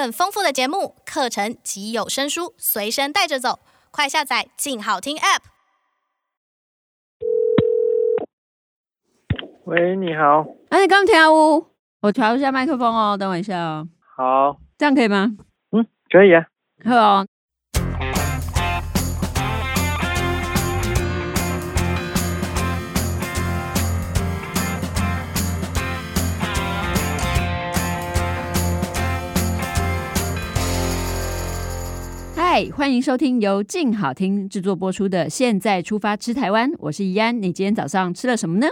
很豐富的節目、課程及有聲書隨身帶着走，快下載“鏡好聽 ”App。喂，你好。哎，你剛跳舞，我調一下麥克風哦，等我一下哦。好，這樣可以嗎？嗯，可以啊。好、哦。歡迎收聽由靜好聽制作播出的《現在出發吃台灣》，我是怡安。你今天早上吃了什麼呢？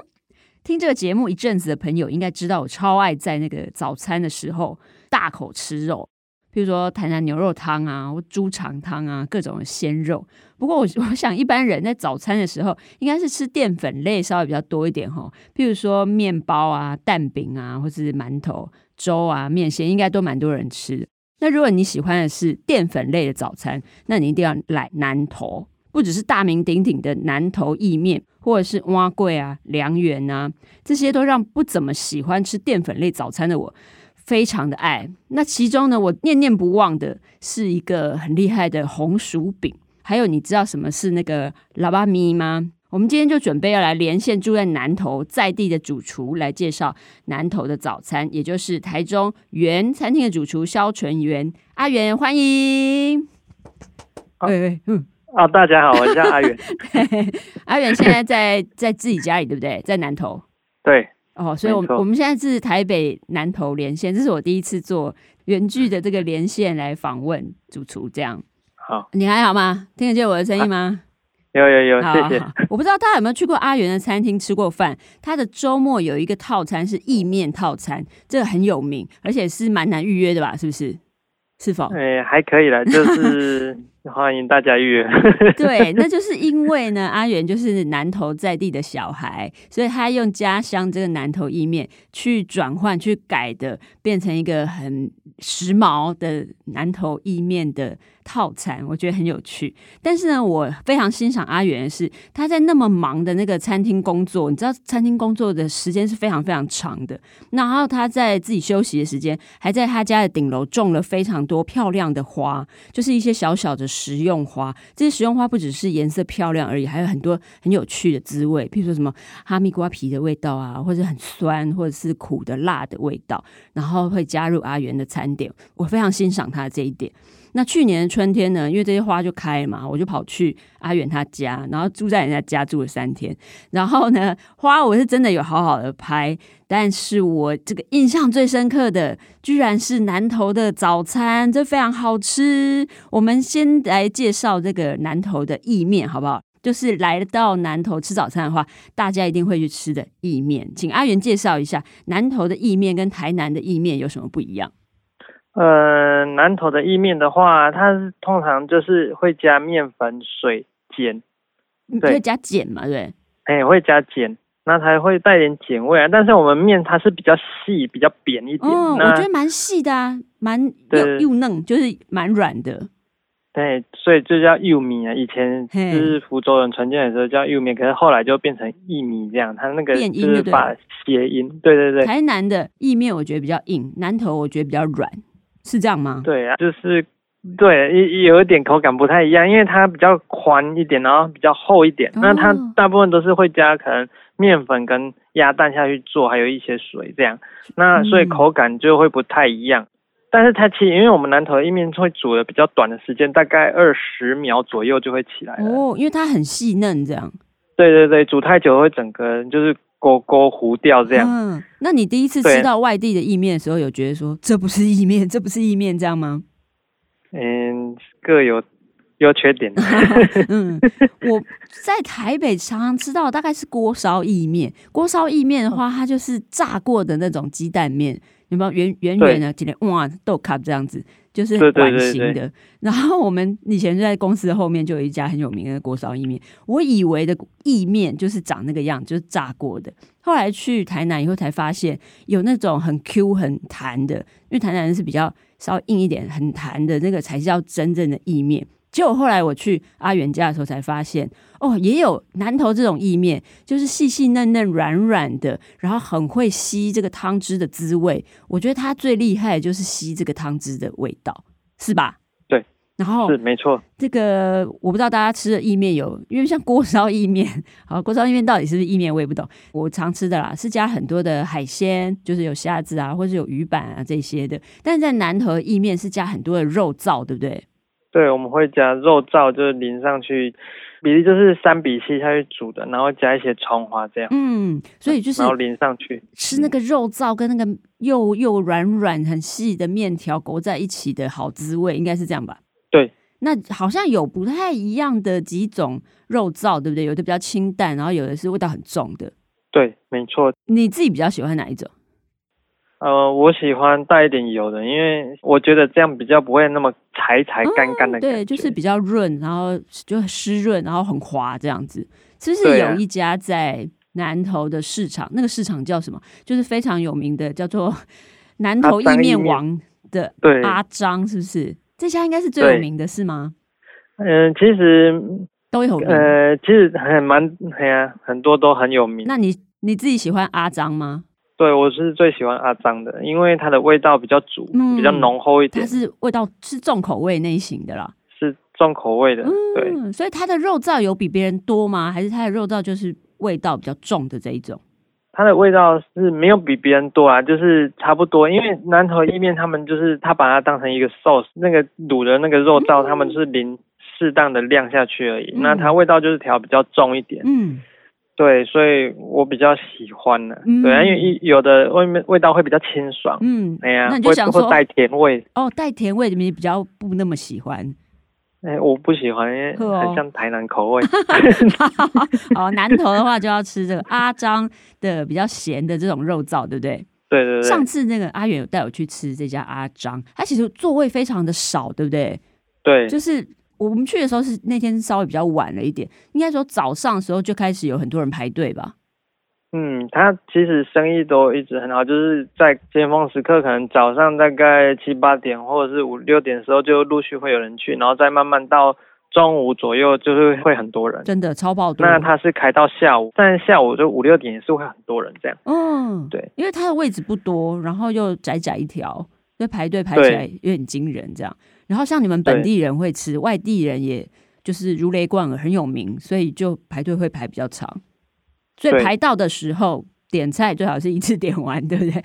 聽這個節目一陣子的朋友應該知道，我超愛在那個早餐的時候大口吃肉，譬如說台南牛肉湯啊、豬腸湯啊，各種的鮮肉。不過我我想，一般人在早餐的時候，應該是吃澱粉類稍微比較多一點哦，譬如說面包啊、蛋餅啊，或是饅頭、粥啊、麵線，應該都蠻多人吃的。那如果你喜歡的是澱粉類的早餐，那你一定要來南投，不只是大名鼎鼎的南投意面，或者是碗粿啊、涼圓啊，這些都讓不怎麼喜歡吃澱粉類早餐的我非常的愛。那其中呢，我念念不忘的是一個很厲害的紅薯餅，還有你知道什麼是那個拉仔麵嗎？我們今天就準備要來連線住在南投在地的主廚，來介紹南投的早餐，也就是台中元餐廳的主廚蕭淳元阿元，歡迎。對、啊哎哎，嗯，啊，大家好，我叫阿元， 阿元現在在在自己家裡， 對不對？在南投。對。哦，所以我們，我錯我們現在是台北南投連線，這是我第一次做遠距的這個連線來訪問主廚，這樣。好。你還好嗎？聽得見我的聲音嗎？啊有有有，好啊，好謝謝。我不知道大家有沒有去過阿元的餐廳吃過飯？他的周末有一個套餐是意麵套餐，這個很有名，而且是蠻難預約的吧？是不是？是否？欸，還可以啦，就是。 歡迎大家，預約。對，那就是因為呢，阿元就是南投在地的小孩，所以他用家鄉這個南投意麵去轉換、去改的，變成一個很時髦的南投意麵的套餐，我覺得很有趣。但是呢，我非常欣賞阿元的是他在那麼忙的那個餐廳工作，你知道餐廳工作的時間是非常非常長的。然後他在自己休息的時間，還在他家的頂樓種了非常多漂亮的花，就是一些小小的。食用花，這些食用花不只是顏色漂亮而已，還有很多很有趣的滋味，譬如說什麼哈密瓜皮的味道啊，或者很酸，或者是苦的、辣的味道，然後會加入阿元的餐點，我非常欣賞他這一點。那去年的春天呢，因為這些花就開了嘛，我就跑去阿遠他家，然後住在人家家住了三天。然後呢，花我是真的有好好的拍，但是我這個印象最深刻的，居然是南投的早餐，這非常好吃。我們先來介紹這個南投的意麵，好不好？就是來到南投吃早餐的話，大家一定會去吃的意麵，請阿遠介紹一下南投的意麵跟台南的意麵有什麼不一樣？呃，南投的意麵的話，它通常就是會加麵粉、水、鹼，對，你可以加鹼嘛，對，哎、欸，會加鹼，那它會帶點鹼味啊。但是我們麵它是比較細、比較扁一點。哦，那我覺得蠻細的啊，蠻又又嫩，對就是蠻軟的。對，所以就叫玉米啊。以前就是福州人傳進來的時候叫玉米嘿，可是後來就變成意米這樣，它那個把音變音法，對，諧音。對對對。台南的意麵我覺得比較硬，南投我覺得比較軟。是這樣嗎？對啊，就是，對，有有一點口感不太一樣，因為它比較寬一點，然後比較厚一點。哦、那它大部分都是會加可能麵粉跟鴨蛋下去做，還有一些水這樣。那所以口感就會不太一樣。嗯、但是它其實因為我們南投的意麵會煮的比較短的時間，大概二十秒左右就會起來了。哦，因為它很細嫩這樣。對對對，煮太久會整個就是。鍋鍋糊掉這樣。嗯，那你第一次吃到外地的意麵的時候，有覺得說對這不是意麵，這不是意麵這樣嗎？嗯，各有優缺點。嗯，我在台北常常吃到大概是鍋燒意麵。鍋燒意麵的話，它就是炸過的那種雞蛋麵，有沒有圓圓圓的雞蛋？哇對，豆卡這樣子。就是很管型的，對對對對，然後我們以前就在公司的後面就有一家很有名的鍋燒意麵，我以為的意麵就是長那個樣，就是炸過的。後來去台南以後才發現，有那種很 Q、很彈的，因為台南人是比較稍硬一點、很彈的那個，才叫真正的意麵。結果後來我去阿元家的時候才發現，哦，也有南投這種意面，就是細細嫩嫩、軟軟的，然後很會吸這個湯汁的滋味。我覺得它最厲害的就是吸這個湯汁的味道，是吧？對，然後是沒錯。這個我不知道大家吃的意面有，因為像鍋燒意面，好，鍋燒意面到底是不是意面我也不懂。我常吃的啦，是加很多的海鮮，就是有蝦子啊，或是有魚板啊這些的。但是在南投的意麵是加很多的肉燥，對不對？對，我們會加肉燥，就是淋上去，比例就是三比七，下去煮的，然後加一些蔥花這樣。嗯，所以就是然後淋上去，吃那個肉燥跟那個又又軟軟、很細的麵條勾在一起的好滋味，應該是這樣吧？對。那好像有不太一樣的幾種肉燥，對不對？有的比較清淡，然後有的是味道很重的。對，沒錯。你自己比較喜歡哪一種？呃，我喜歡帶一點油的，因為我覺得這樣比較不會那麼。柴柴乾乾的，嗯，對，就是比較潤，然後就濕潤，然後很滑這樣子。是不是有一家在南投的市場？啊，那個市場叫什麼？就是非常有名的，叫做南投意面王的阿張，阿是不是？對這家應該是最有名的，對是嗎？嗯，呃，其實都很有名，呃。其實還蠻對很多都很有名。那你你自己喜歡阿張嗎？對，我是最喜歡阿章的，因為它的味道比較足，嗯、比較濃厚一點。它是味道是重口味那一型的啦，是重口味的。嗯、對，所以它的肉燥有比別人多嗎？還是它的肉燥就是味道比較重的這一種？它的味道是沒有比別人多啊，就是差不多。因為南投意麵他們就是他把它當成一個 sauce，那個滷的那個肉燥他們是淋適當的量下去而已，嗯、那它味道就是調比較重一點。嗯。嗯對，所以我比較喜歡的，嗯、對，因為一有的外面味道會比較清爽，嗯，哎呀，那你就想說會帶甜味，哦，帶甜味你比較不那麼喜歡，哎、欸，我不喜歡，很像台南口味。哦，南投的話就要吃這個阿張的比較鹹的這種肉燥，對不對？對對對。上次那個阿元有帶我去吃這家阿張，他其實座位非常的少，對不對？對。就是。我們去的時候是那天稍微比較晚了一點，應該說早上的時候就開始有很多人排隊吧。嗯，他其實生意都一直很好，就是在尖峰時刻，可能早上大概七八點或者是五六點的時候就陸續會有人去，然後再慢慢到中午左右就是會很多人。真的超爆多！那他是開到下午，但是下午就五六點也是會很多人這樣。嗯，對，因為他的位置不多，然後又窄窄一條，就排隊排起來有點驚人這樣。然後像你們本地人會吃，對外地人也就是如雷貫耳，很有名，所以就排隊會排比較長。所以排到的時候對點菜最好是一次點完，對不對？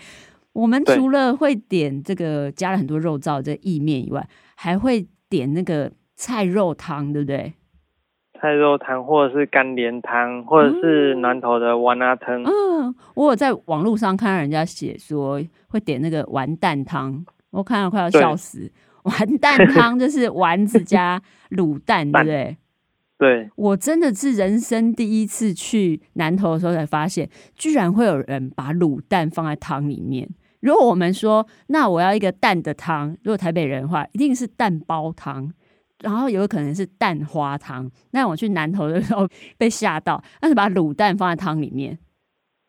我們除了會點這個對加了很多肉燥的這意面以外，還會點那個菜肉湯，對不對？菜肉湯或者是肝連湯，或者是南投的丸仔湯。嗯，我有在網路上看到人家寫說會點那個完蛋湯，我看到快要笑死。丸蛋湯就是丸子加滷蛋， 蛋對不對？對。我真的是人生第一次去南投的時候才發現，居然會有人把滷蛋放在湯裡面。如果我們說，那我要一個蛋的湯，如果台北人的話，一定是蛋包湯，然後有可能是蛋花湯。那我去南投的時候被嚇到，那是把滷蛋放在湯裡面，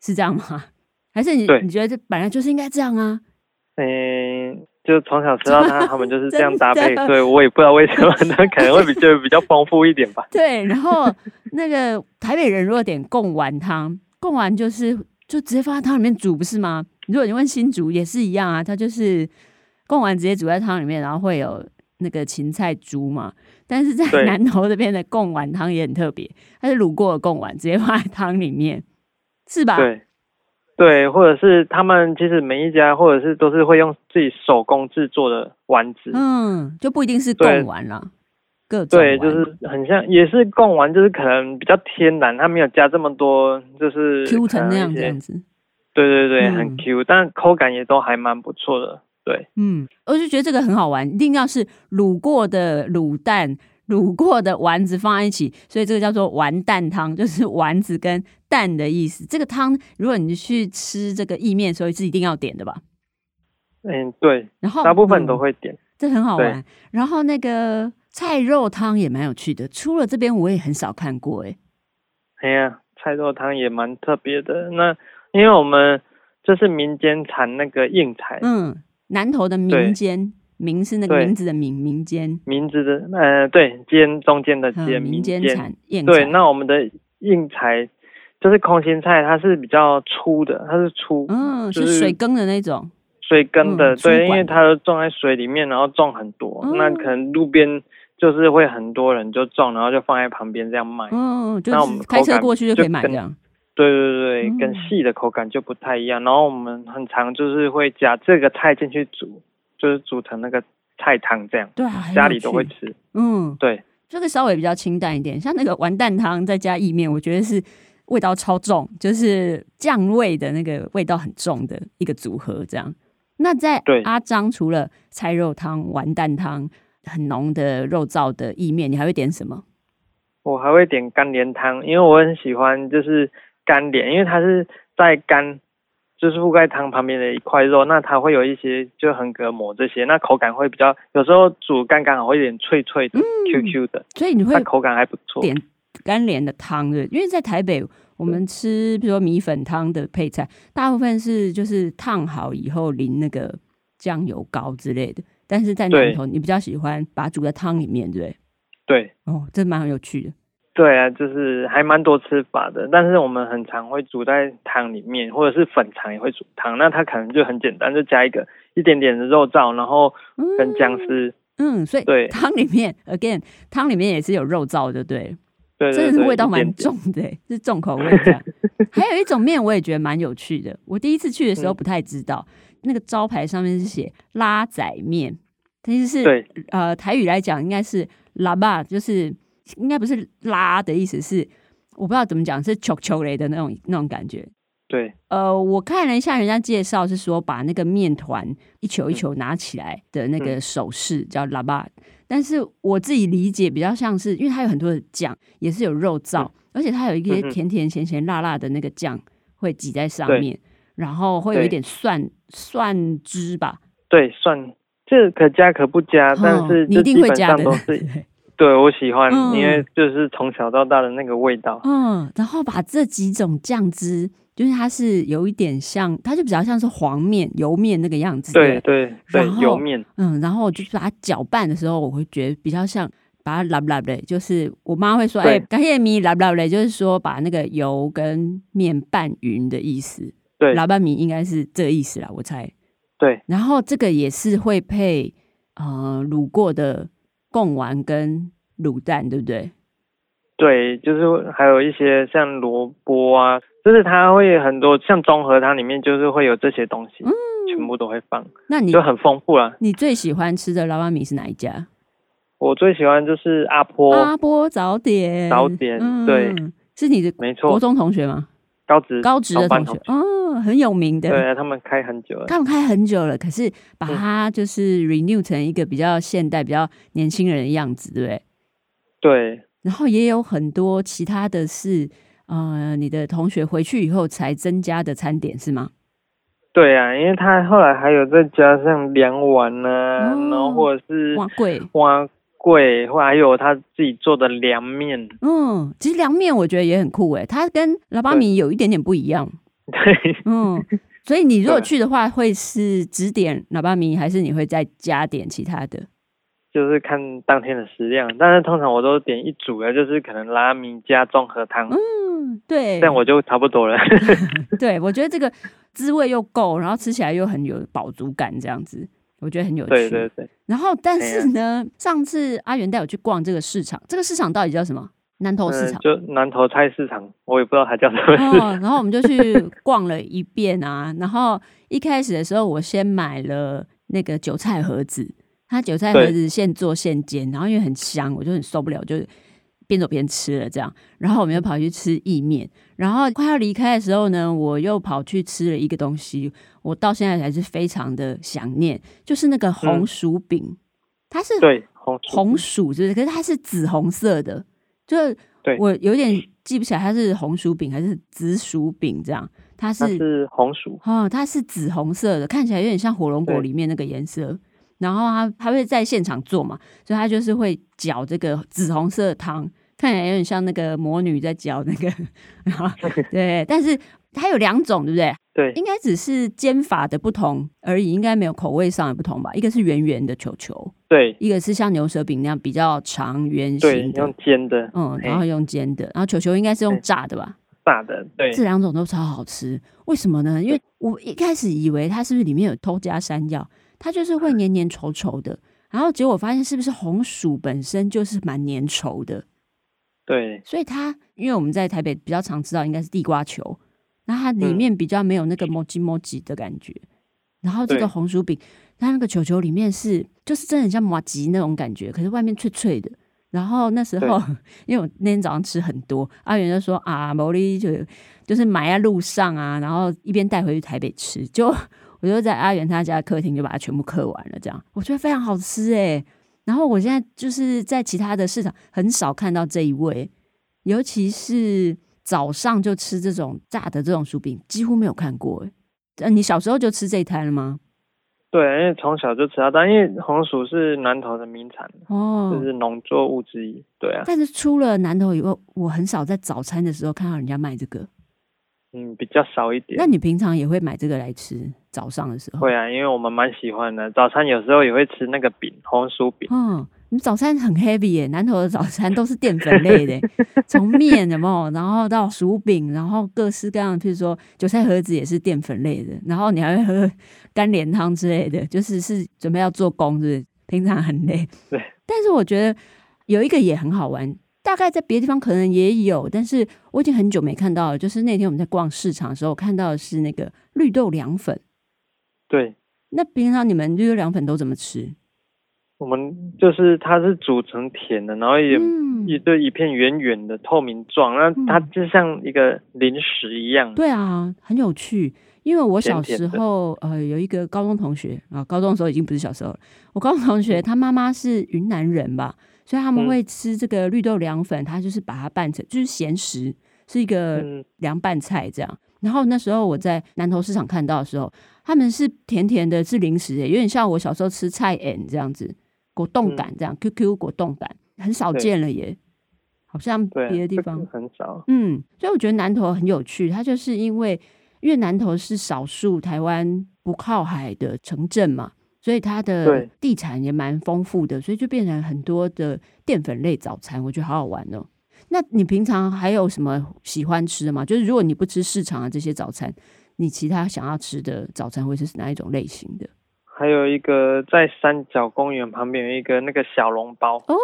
是這樣嗎？還是你對你覺得這本來就是應該這樣啊？嗯、呃。就是從小吃到大，啊、他們就是這樣搭配，的所以我也不知道為什麼那 可能會比就 比較豐富一點吧。對，然後 那個台北人如果點貢丸湯，貢丸就是就直接放在湯裡面煮，不是嗎？如果你問新竹也是一樣啊，它就是貢丸直接煮在湯裡面，然後會有那個芹菜煮嘛。但是在南投這邊的貢丸湯也很特別，對它是滷過的貢丸，直接放在湯裡面，是吧？對。對，或者是他們其實每一家，或者是都是會用自己手工制作的丸子，嗯，就不一定是貢丸了，對，各種，對，就是很像，也是貢丸，就是可能比較天然，它沒有加這麼多，就是 Q 成那樣這樣子，對對對，很 Q，嗯，但口感也都還蠻不錯的，對，嗯，我就覺得這個很好玩，一定要是滷過的滷蛋。滷過的丸子放在一起，所以這個叫做丸蛋湯，就是丸子跟蛋的意思。這個湯，如果你去吃這個意麵，所以是一定要點的吧？嗯，對。然後大部分都會點，嗯、這很好玩。對然後那個菜肉湯也蠻有趣的，除了這邊我也很少看過、欸，哎。哎呀，菜肉湯也蠻特別的。那因為我們這是民間產那個硬菜，嗯，南投的民間，名是那名字的名，名間。名字的呃，對，間中間的間，名間產。對，那我們的硬菜就是空心菜，它是比較粗的，它是粗，嗯，是水耕的那種。水耕的，對，因為它都種在水裡面，然後種很多，那可能路邊就是會很多人就種，然後就放在旁邊這樣賣。嗯，那我們開車過去就可以買這樣。對對對，跟細的口感就不太一樣。然後我們很常就是會加這個菜進去煮。就是煮成那個菜湯這樣，對啊，家裡都會吃，嗯，對，就是稍微比較清淡一點，像那個完蛋湯再加意面，我覺得是味道超重，就是醬味的那個味道很重的一個組合這樣。那在阿張對除了菜肉湯、完蛋湯很濃的肉燥的意面，你還會點什麼？我還會點肝連湯，因為我很喜歡就是肝連，因為它是在干。就是覆蓋湯旁邊的一塊肉，那它會有一些就橫隔膜這些，那口感會比較有時候煮剛剛好會有點脆脆的，嗯、Q Q 的，所以你會口感還不錯。點干連的湯對，因為在台北我們吃，比如說米粉湯的配菜，對大部分是就是燙好以後淋那個醬油膏之類的，但是在南投你比較喜歡把它煮在湯裡面對，對？對，哦，這蠻有趣的。對啊，就是還蠻多吃法的，但是我們很常會煮在湯裡面，或者是粉腸也會煮湯。那它可能就很簡單，就加一個一點點的肉燥，然後跟薑絲、嗯。嗯，所以對湯裡面，again，湯裡面也是有肉燥的。對。對對對，真的是味道蠻重的，點是重口味的。 還有一種麵，我也覺得蠻有趣的。我第一次去的時候不太知道，嗯、那個招牌上面是寫拉仔麵，其實是對呃台語來講應該是拉吧就是。應該不是拉的意思，是我不知道怎麼講，是球球雷的那種那種感覺。對，呃，我看了一下人家介紹，是說把那個面糰一球一球拿起來的那個手勢、嗯、叫喇叭，但是我自己理解比較像是，因為它有很多的醬，也是有肉燥，嗯、而且它有一些甜甜鹹鹹辣辣的那個醬會擠在上面，對然後會有一點蒜對蒜汁吧？對，蒜這可加可不加，哦、但是,是你一定會加的。對對，我喜歡，嗯、因為就是從小到大的那個味道。嗯，然後把這幾種醬汁，就是它是有一點像，它就比較像是黃面、油面那個樣子。對對，對，對然後油面。嗯，然後就把它攪拌的時候，我會覺得比較像把它拉布拉嘞，就是我媽會說：“對哎，感謝米拉布拉嘞”，就是說把那個油跟面拌勻的意思。對，拉拌，拌米應該是這個意思啦，我猜。對，然後這個也是會配，呃，滷過的。貢丸跟滷蛋，對不對？對，就是還有一些像蘿蔔啊，就是它會很多，像綜合它裡面就是會有這些東西，嗯，全部都會放，那你就很豐富了。你最喜歡吃的拉仔麵是哪一家？我最喜歡就是阿波阿波早點，早點、嗯、對，是你的沒錯，國中同學嗎？高職高職的同學同很有名的，對啊，他們開很久了，他們開很久了，可是，把它就是 renew 成一個比較現代、比較年輕人的樣子，對對。然後也有很多其他的是，嗯、呃，你的同學回去以後才增加的餐點是嗎？對啊，因為他後來還有再加上涼碗呢，哦、然後或者是碗粿、碗粿，或還有他自己做的涼麵。嗯，其實涼麵我覺得也很酷哎，它跟拉仔麵有一點點不一樣。對，嗯，所以你如果去的話，對會是只點拉仔麵，還是你會再加點其他的？就是看當天的食量，但是通常我都點一組的，就是可能拉仔麵加綜合湯。嗯，對，但我就差不多了。 對，我覺得這個滋味又夠，然後吃起來又很有飽足感，這樣子我覺得很有趣。對對對。然後，但是呢，啊、上次阿元帶我去逛這個市場，這個市場到底叫什麼？南投市場，嗯、就南投菜市場，我也不知道它叫什麼、哦。然後我們就去逛了一遍啊。 然後一開始的時候，我先買了那個韭菜盒子，它韭菜盒子現做現煎，對然後因為很香，我就很受不了，就邊走邊吃了這樣。然後我們又跑去吃意麵。然後快要離開的時候呢，我又跑去吃了一個東西，我到現在還是非常的想念，就是那個紅薯餅，嗯、它是對紅紅薯，就是，是可是它是紫紅色的。就我有點記不起來，它是紅薯餅還是紫薯餅這樣？它是，它是紅薯哦。嗯，它是紫紅色的，看起來有點像火龍果裡面那個顏色。對然後他他會在現場做嘛，所以他就是會攪這個紫紅色的湯。看起來有點像那個魔女在嚼那個，然後，對， 但是它有兩種，對不對？對，應該只是煎法的不同而已，應該沒有口味上的不同吧？一個是圓圓的球球，對，一個是像牛舌餅那樣比較長圓形，對，用煎的，嗯，欸、然後用煎的，然後球球應該是用炸的吧？欸、炸的，對，這兩種都超好吃。為什麼呢？對因為我一開始以為它是不是裡面有偷加山藥，它就是會黏黏稠稠的，然後結果發現是不是紅薯本身就是蠻粘稠的。對，所以它因為我們在台北比較常吃到應該是地瓜球，那它裡面比較沒有那個 moji moji 的感覺，嗯、然後這個紅薯餅，它那個球球裡面是就是真的很像麻吉那種感覺，可是外面脆脆的。然後那時候對因為我那天早上吃很多，阿元就說啊，麻吉就就是買在路上啊，然後一邊帶回去台北吃，就我就在阿元他家的客廳就把它全部嗑完了，這樣我覺得非常好吃哎、欸。然後我現在就是在其他的市場很少看到這一味，尤其是早上就吃這種炸的這種薯餅，幾乎沒有看過。誒那你小時候就吃這一攤了嗎？對，因為從小就吃到，但因為紅薯是南投的名產，哦、就是農作物之一。對啊。但是出了南投以後，我很少在早餐的時候看到人家賣這個。嗯，比較少一點。那你平常也會買這個來吃，早上的時候？會啊，因為我們蠻喜歡的。早餐有時候也會吃那個餅，紅薯餅。嗯、哦，你早餐很 heavy 耶、欸，南投的早餐都是澱粉類的、欸，從麵的嘛，然後到薯餅，然後各式各樣，譬如說韭菜盒子也是澱粉類的。然後你還會喝干連湯之類的，就是是準備要做工，就是？平常很累。對。但是我覺得有一個也很好玩。大概在別的地方可能也有，但是我已經很久沒看到了。就是那天我們在逛市場的時候，看到的是那個綠豆涼粉。對。那平常你們綠豆涼粉都怎麼吃？我們就是它是煮成甜的，然後也一就、嗯、一片圓圓的透明狀，那它就像一個零食一樣、嗯。對啊，很有趣。因為我小時候甜甜呃有一個高中同學啊，高中的時候已經不是小時候了。我高中同學他媽媽是雲南人吧？所以他們會吃這個綠豆涼粉，嗯、他就是把它拌成就是鹹食，是一個涼拌菜這樣。嗯、然後那時候我在南投市場看到的時候，他們是甜甜的，是零食耶、欸，有點像我小時候吃菜燕這樣子，果凍感這樣，QQ、嗯、果凍感，很少見了耶。對好像別的地方、就是、很少。嗯，所以我覺得南投很有趣，它就是因為因為南投是少數台灣不靠海的城鎮嘛。所以它的地產也蠻豐富的，對所以就變成很多的澱粉類早餐，我覺得好好玩哦，喔。那你平常還有什麼喜歡吃的嗎？就是如果你不吃市場啊這些早餐，你其他想要吃的早餐會是哪一種類型的？還有一個在三角公園旁邊有一個那個小籠包哦，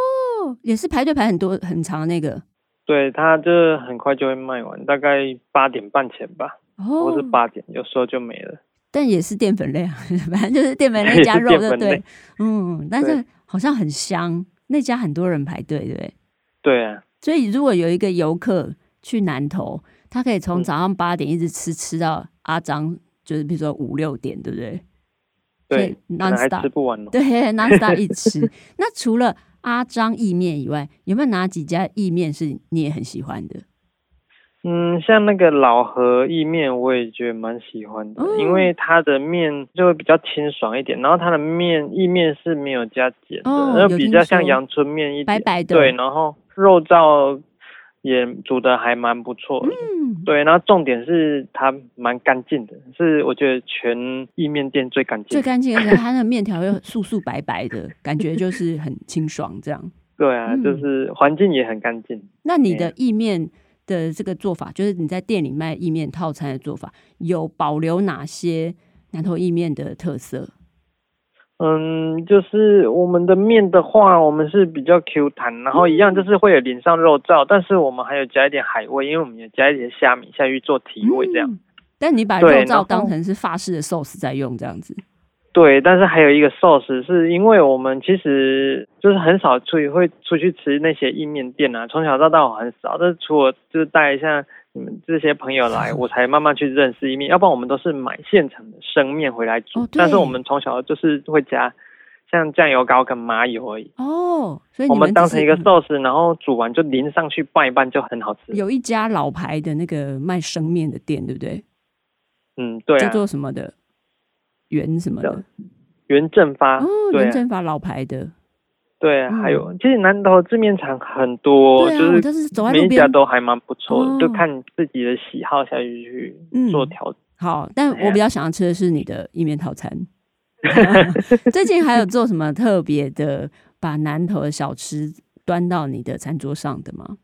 也是排隊排很多很長的那個。對，它就很快就會賣完，大概八點半前吧，哦，或是八點，有時候就沒了。但也是澱粉類啊，反正就是澱粉類加肉，對，嗯，但是好像很香，那家很多人排隊，對不對？對啊。所以如果有一個遊客去南投，他可以從早上八點一直吃，嗯，吃到阿張，就是比如說五六點，對不對？對，可以 non-stop, 還吃不完呢。對，non-stop 一直吃。 那除了阿張意麵以外，有沒有哪幾家意麵是你也很喜歡的？嗯，像那個老何意麵，我也覺得蠻喜歡的，哦、因為它的麵就會比較清爽一點。然後它的麵意麵是沒有加鹼的，哦、然後就比較像陽春麵一點。白白的，對。然後肉燥也煮得還蠻不錯的。嗯，對。然後重點是它蠻乾淨的，是我覺得全意麵店最乾淨的。最乾淨，而且它的麵條又素素白白的， 感覺就是很清爽這樣。對啊，嗯、就是環境也很乾淨。那你的意麵、欸？的這個做法，就是你在店裡賣意麵套餐的做法，有保留哪些南投意麵的特色？嗯，就是我們的麵的話，我們是比較 Q 彈，然後一樣就是會有淋上肉燥，嗯、但是我們還有加一點海味，因為我們有加一點蝦米下去做提味這樣、嗯。但你把肉燥當成是法式的 sauce 在用這樣子。對，但是還有一個 sauce，是因為我們其實就是很少出去會出去吃那些意麵店啊，從小到大我很少。但是除了就是帶一下你們這些朋友來，我才慢慢去認識意麵。要不然我們都是買現成的生麵回來煮。哦，但是我們從小就是會加像醬油膏跟麻油而已。哦，所以你們這是，我們當成一個 sauce，然後煮完就淋上去拌一拌就很好吃。有一家老牌的那個賣生麵的店，對不對？嗯，對啊。叫做什麼的？原什麼的，源正發哦，對正發老牌的，對啊，還有其實南投製麵廠很多，就是就是走在都還蠻不錯的。哦、就看你自己的喜好下去去做調整，嗯。好，但我比較想要吃的是你的意麵套餐。 最近還有做什麼特別的，把南投的小吃端到你的餐桌上的嗎？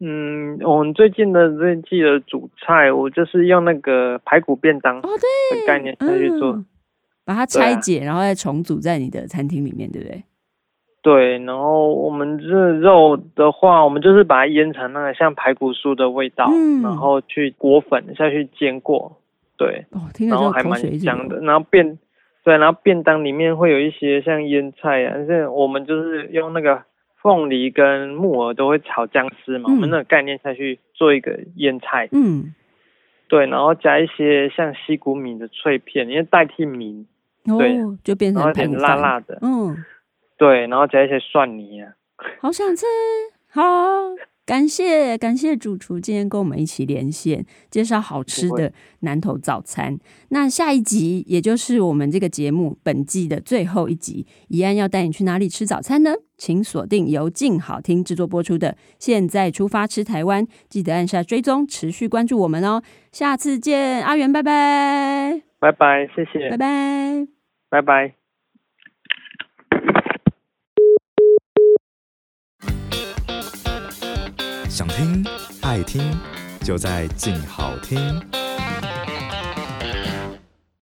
嗯，我們最近的這季的主菜，我就是用那個排骨便當的哦，對概念再去做，把它拆解，啊、然後再重組在你的餐廳裡面，對不對？對，然後我們這肉的話，我們就是把它醃成那個像排骨酥的味道，嗯、然後去裹粉下去煎過，對、哦、然後還蠻香的。哦、然後便對，然後便當裡面會有一些像醃菜啊，而且我們就是用那個。鳳梨跟木耳都會炒薑絲嘛，嗯、我們那個概念下去做一個醃菜，嗯，對，然後加一些像西谷米的脆片，因為代替米，哦、對，就變成點辣辣的，嗯，對，然後加一些蒜泥、啊，好想吃， 好、哦。感謝感謝主廚今天跟我們一起連線，介紹好吃的南投早餐。會那下一集，也就是我們這個節目本季的最後一集，怡安要帶你去哪裡吃早餐呢？請鎖定由鏡好聽製作播出的《現在出發吃台灣》，記得按下追蹤，持續關注我們哦。下次見，阿元，拜拜，拜拜，謝謝，拜拜，拜拜。想聽，愛聽，就在靜好聽。